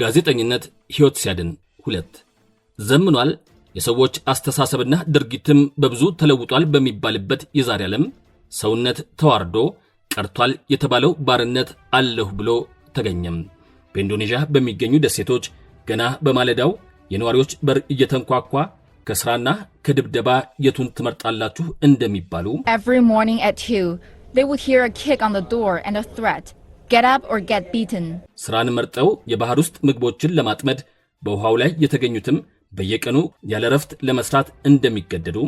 ጋዜጠኝነት ሕይወት ሲያድን ሁለት ዘምኗል። የሰዎች አስተሳሰብና ድርጊትም በብዙ ተለውጧል በሚባልበት የዛሬ ዓለም ሰውነት ተዋርዶ ቀርቷል የተባለው ባርነት አለሁ ብሎ ተገኘም። በኢንዶኔዥያ በሚገኙ ደሴቶች ገና በማለዳው የነዋሪዎች በር እየተንኳኳ ከስራና ከድብደባ የቱን ትመርጣላችሁ እንደሚባሉ ጌት አፕ ኦር ጌት ቢትን ስራን መርጠው የባህር ውስጥ ምግቦችን ለማጥመድ በውሃው ላይ የተገኙትም በየቀኑ ያለ እረፍት ለመስራት እንደሚገደዱ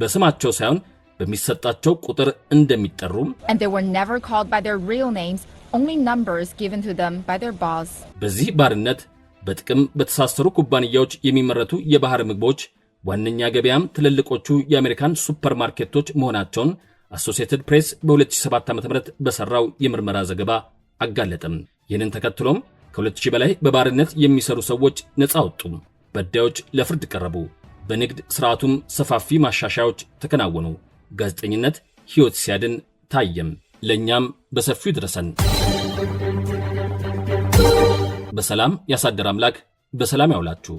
በስማቸው ሳይሆን በሚሰጣቸው ቁጥር እንደሚጠሩ በዚህ ባርነት በጥቅም በተሳሰሩ ኩባንያዎች የሚመረቱ የባህር ምግቦች ዋነኛ ገበያም ትልልቆቹ የአሜሪካን ሱፐርማርኬቶች መሆናቸውን አሶሲየትድ ፕሬስ በ2007 .ም በሰራው የምርመራ ዘገባ አጋለጠም። ይህንን ተከትሎም ከ2000 በላይ በባርነት የሚሰሩ ሰዎች ነፃ ወጡ። በዳዮች ለፍርድ ቀረቡ። በንግድ ስርዓቱም ሰፋፊ ማሻሻያዎች ተከናወኑ። ጋዜጠኝነት ሕይወት ሲያድን ታየም። ለእኛም በሰፊው ድረሰን በሰላም ያሳደር አምላክ በሰላም ያውላችሁ።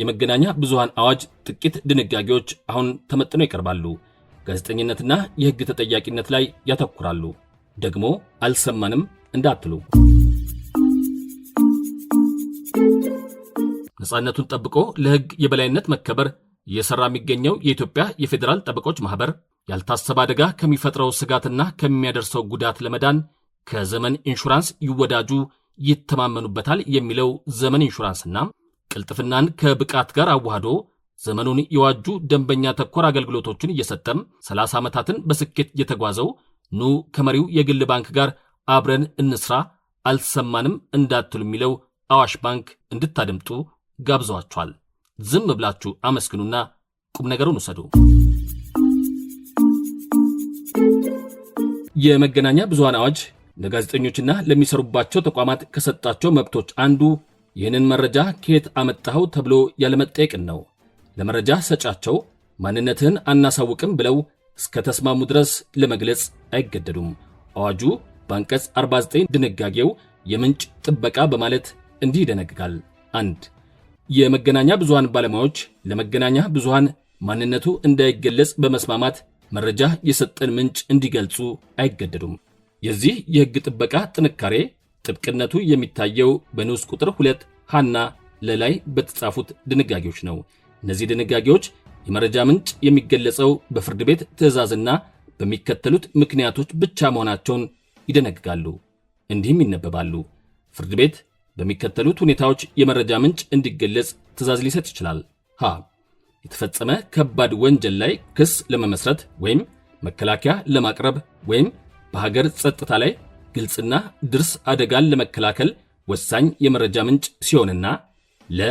የመገናኛ ብዙሃን አዋጅ ጥቂት ድንጋጌዎች አሁን ተመጥነው ይቀርባሉ። ጋዜጠኝነትና የህግ ተጠያቂነት ላይ ያተኩራሉ። ደግሞ አልሰማንም እንዳትሉ ነፃነቱን ጠብቆ ለህግ የበላይነት መከበር እየሰራ የሚገኘው የኢትዮጵያ የፌዴራል ጠበቆች ማኅበር ያልታሰበ አደጋ ከሚፈጥረው ስጋትና ከሚያደርሰው ጉዳት ለመዳን ከዘመን ኢንሹራንስ ይወዳጁ፣ ይተማመኑበታል የሚለው ዘመን ኢንሹራንስና ቅልጥፍናን ከብቃት ጋር አዋህዶ ዘመኑን የዋጁ ደንበኛ ተኮር አገልግሎቶችን እየሰጠም 30 ዓመታትን በስኬት እየተጓዘው ኑ ከመሪው የግል ባንክ ጋር አብረን እንስራ፣ አልሰማንም እንዳትሉ የሚለው አዋሽ ባንክ እንድታደምጡ ጋብዘዋችኋል። ዝም ብላችሁ አመስግኑና ቁም ነገሩን ውሰዱ። የመገናኛ ብዙሃን አዋጅ ለጋዜጠኞችና ለሚሰሩባቸው ተቋማት ከሰጣቸው መብቶች አንዱ ይህንን መረጃ ከየት አመጣኸው ተብሎ ያለመጠየቅን ነው። ለመረጃ ሰጫቸው ማንነትህን አናሳውቅም ብለው እስከ ተስማሙ ድረስ ለመግለጽ አይገደዱም። አዋጁ በአንቀጽ 49 ድንጋጌው የምንጭ ጥበቃ በማለት እንዲህ ይደነግጋል። አንድ የመገናኛ ብዙሃን ባለሙያዎች ለመገናኛ ብዙሃን ማንነቱ እንዳይገለጽ በመስማማት መረጃ የሰጠን ምንጭ እንዲገልጹ አይገደዱም። የዚህ የሕግ ጥበቃ ጥንካሬ ጥብቅነቱ የሚታየው በንዑስ ቁጥር ሁለት ሀና ለላይ በተጻፉት ድንጋጌዎች ነው። እነዚህ ድንጋጌዎች የመረጃ ምንጭ የሚገለጸው በፍርድ ቤት ትዕዛዝና በሚከተሉት ምክንያቶች ብቻ መሆናቸውን ይደነግጋሉ። እንዲህም ይነበባሉ። ፍርድ ቤት በሚከተሉት ሁኔታዎች የመረጃ ምንጭ እንዲገለጽ ትዕዛዝ ሊሰጥ ይችላል። ሀ የተፈጸመ ከባድ ወንጀል ላይ ክስ ለመመስረት ወይም መከላከያ ለማቅረብ ወይም በሀገር ጸጥታ ላይ ግልጽና ድርስ አደጋን ለመከላከል ወሳኝ የመረጃ ምንጭ ሲሆንና ለ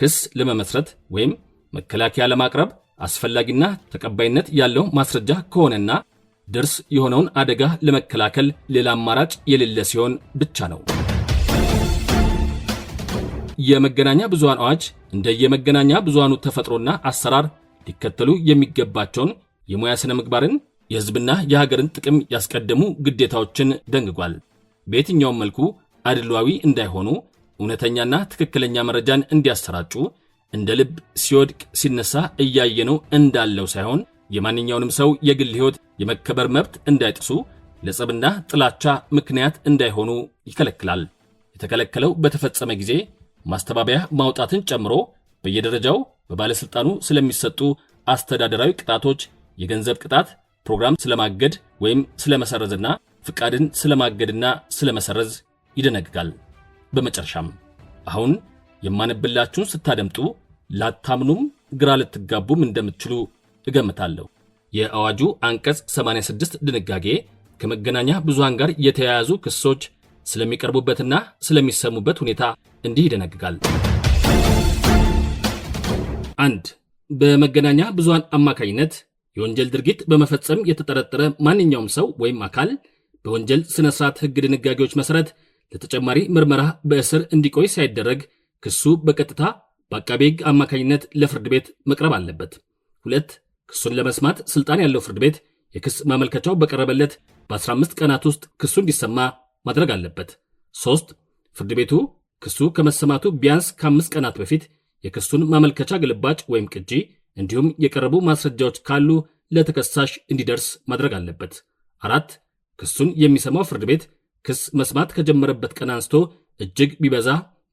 ክስ ለመመስረት ወይም መከላከያ ለማቅረብ አስፈላጊና ተቀባይነት ያለው ማስረጃ ከሆነና ድርስ የሆነውን አደጋ ለመከላከል ሌላ አማራጭ የሌለ ሲሆን ብቻ ነው። የመገናኛ ብዙሃን አዋጅ እንደ የመገናኛ ብዙሃኑ ተፈጥሮና አሰራር ሊከተሉ የሚገባቸውን የሙያ ስነ ምግባርን የህዝብና የሀገርን ጥቅም ያስቀደሙ ግዴታዎችን ደንግጓል። በየትኛውም መልኩ አድሏዊ እንዳይሆኑ እውነተኛና ትክክለኛ መረጃን እንዲያሰራጩ እንደ ልብ ሲወድቅ ሲነሳ እያየነው እንዳለው ሳይሆን የማንኛውንም ሰው የግል ሕይወት የመከበር መብት እንዳይጥሱ ለጸብና ጥላቻ ምክንያት እንዳይሆኑ ይከለክላል። የተከለከለው በተፈጸመ ጊዜ ማስተባበያ ማውጣትን ጨምሮ በየደረጃው በባለሥልጣኑ ስለሚሰጡ አስተዳደራዊ ቅጣቶች፣ የገንዘብ ቅጣት፣ ፕሮግራም ስለማገድ ወይም ስለመሰረዝና ፍቃድን ስለማገድና ስለመሰረዝ ይደነግጋል። በመጨረሻም አሁን የማነብላችሁን ስታደምጡ ላታምኑም ግራ ልትጋቡም እንደምትችሉ እገምታለሁ። የአዋጁ አንቀጽ 86 ድንጋጌ ከመገናኛ ብዙሃን ጋር የተያያዙ ክሶች ስለሚቀርቡበትና ስለሚሰሙበት ሁኔታ እንዲህ ይደነግጋል። አንድ በመገናኛ ብዙሃን አማካኝነት የወንጀል ድርጊት በመፈጸም የተጠረጠረ ማንኛውም ሰው ወይም አካል በወንጀል ሥነ ሥርዓት ሕግ ድንጋጌዎች መሠረት ለተጨማሪ ምርመራ በእስር እንዲቆይ ሳይደረግ ክሱ በቀጥታ በአቃቤ ሕግ አማካኝነት ለፍርድ ቤት መቅረብ አለበት። ሁለት ክሱን ለመስማት ሥልጣን ያለው ፍርድ ቤት የክስ ማመልከቻው በቀረበለት በ15 ቀናት ውስጥ ክሱ እንዲሰማ ማድረግ አለበት። ሦስት ፍርድ ቤቱ ክሱ ከመሰማቱ ቢያንስ ከአምስት ቀናት በፊት የክሱን ማመልከቻ ግልባጭ ወይም ቅጂ እንዲሁም የቀረቡ ማስረጃዎች ካሉ ለተከሳሽ እንዲደርስ ማድረግ አለበት። አራት ክሱን የሚሰማው ፍርድ ቤት ክስ መስማት ከጀመረበት ቀን አንስቶ እጅግ ቢበዛ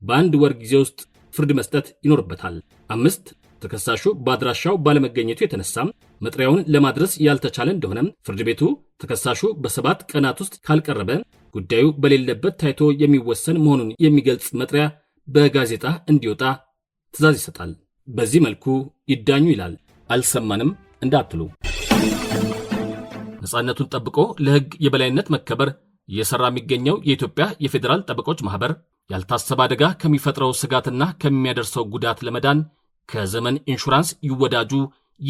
በአንድ ወር ጊዜ ውስጥ ፍርድ መስጠት ይኖርበታል። አምስት ተከሳሹ በአድራሻው ባለመገኘቱ የተነሳም መጥሪያውን ለማድረስ ያልተቻለ እንደሆነ ፍርድ ቤቱ ተከሳሹ በሰባት ቀናት ውስጥ ካልቀረበ ጉዳዩ በሌለበት ታይቶ የሚወሰን መሆኑን የሚገልጽ መጥሪያ በጋዜጣ እንዲወጣ ትዕዛዝ ይሰጣል። በዚህ መልኩ ይዳኙ ይላል። አልሰማንም እንዳትሉ። ነፃነቱን ጠብቆ ለሕግ የበላይነት መከበር እየሰራ የሚገኘው የኢትዮጵያ የፌዴራል ጠበቆች ማኅበር ያልታሰበ አደጋ ከሚፈጥረው ስጋትና ከሚያደርሰው ጉዳት ለመዳን ከዘመን ኢንሹራንስ ይወዳጁ፣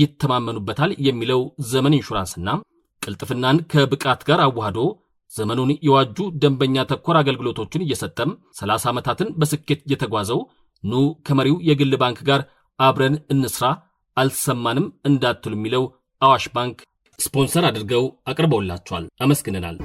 ይተማመኑበታል የሚለው ዘመን ኢንሹራንስና ቅልጥፍናን ከብቃት ጋር አዋህዶ ዘመኑን የዋጁ ደንበኛ ተኮር አገልግሎቶችን እየሰጠም 30 ዓመታትን በስኬት እየተጓዘው ኑ ከመሪው የግል ባንክ ጋር አብረን እንስራ አልሰማንም እንዳትሉ የሚለው አዋሽ ባንክ ስፖንሰር አድርገው አቅርበውላቸዋል። አመስግነናል።